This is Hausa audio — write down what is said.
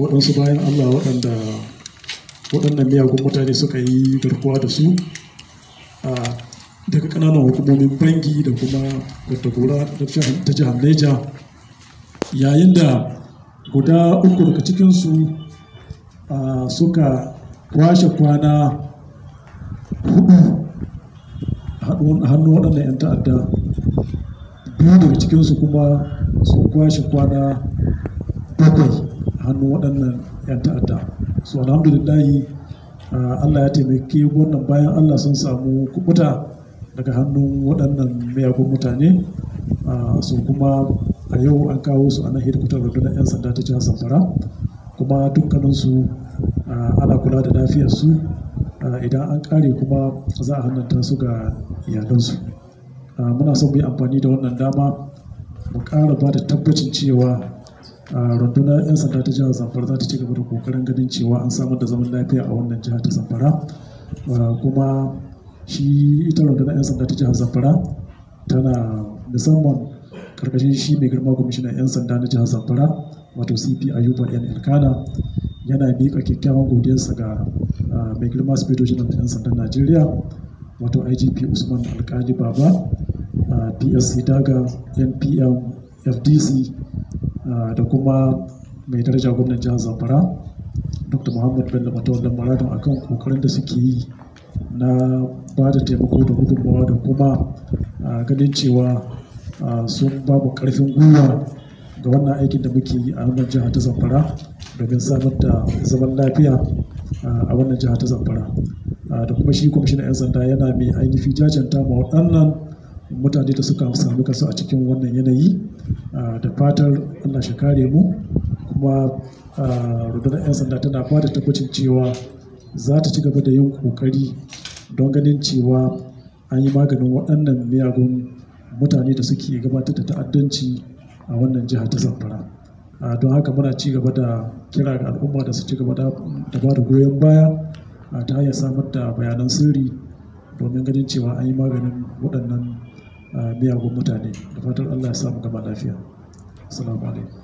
waɗansu bayan Allah waɗanda waɗannan miyagun mutane suka yi garkuwa da su daga ƙananan hukumomin bangi da kuma gora ta jihar Neja yayin da guda uku daga cikinsu suka kwashe kwana hudu a hannun waɗannan 'yan ta'adda biyu daga cikinsu kuma sun kwashe kwana bakwai hannun waɗannan 'yan ta'adda so alhamdulillahi uh, allah ya taimake wannan bayan allah sun samu kubuta daga hannun waɗannan mayagun mutane uh, su kuma a yau an kawo su a nan hedikwatar na 'yan sanda ta jihar samfara kuma dukkaninsu uh, ana kula da lafiyarsu idan an kare kuma za a hannanta su ga iyalansu muna son mu yi amfani da wannan dama mu ƙara ba da tabbacin cewa rundunar 'yan sanda ta jihar zamfara za ta ci gaba da kokarin ganin cewa an samar da zaman lafiya a wannan jihar ta zamfara kuma shi ita rundunar 'yan sanda ta jihar zamfara tana musamman karkashin shi mai girma kwamishinan 'yan sanda na jihar zamfara wato cp ayuba yan elkana yana miƙa kyakkyawan godiyarsa ga mai girma speto na 'yan sandan najeriya wato igp usman alkali baba psc daga npm fdc Ah, da kuma mai daraja gwamnan jihar zamfara dr muhammad bello matawallan maradin akan kokarin da suke yi na ba da taimako da gudunmawa da kuma ah, ganin cewa ah, sun ba mu karfin gwiwa ga wannan aikin da muke yi a wannan jiha ta zamfara domin samar da zaman lafiya a wannan jiha ta zamfara da kuma shi kwamishinan 'yan sanda yana mai ainihin jajanta ma waɗannan mutane da suka samu kasu a cikin wannan yanayi da fatar allah shi kare mu kuma rundunar 'yan sanda tana ba da tabbacin cewa za ta ci gaba da yin kokari don ganin cewa an yi maganin waɗannan miyagun mutane da suke gabatar da ta'addanci a wannan jiha ta zamfara don haka muna ci gaba da kira ga al'umma da su ci gaba da ba da goyon baya ta hanyar samar da bayanan sirri domin ganin cewa an yi maganin waɗannan miyagun mutane da fatan allah ya samu gama lafiya assalamu alaikum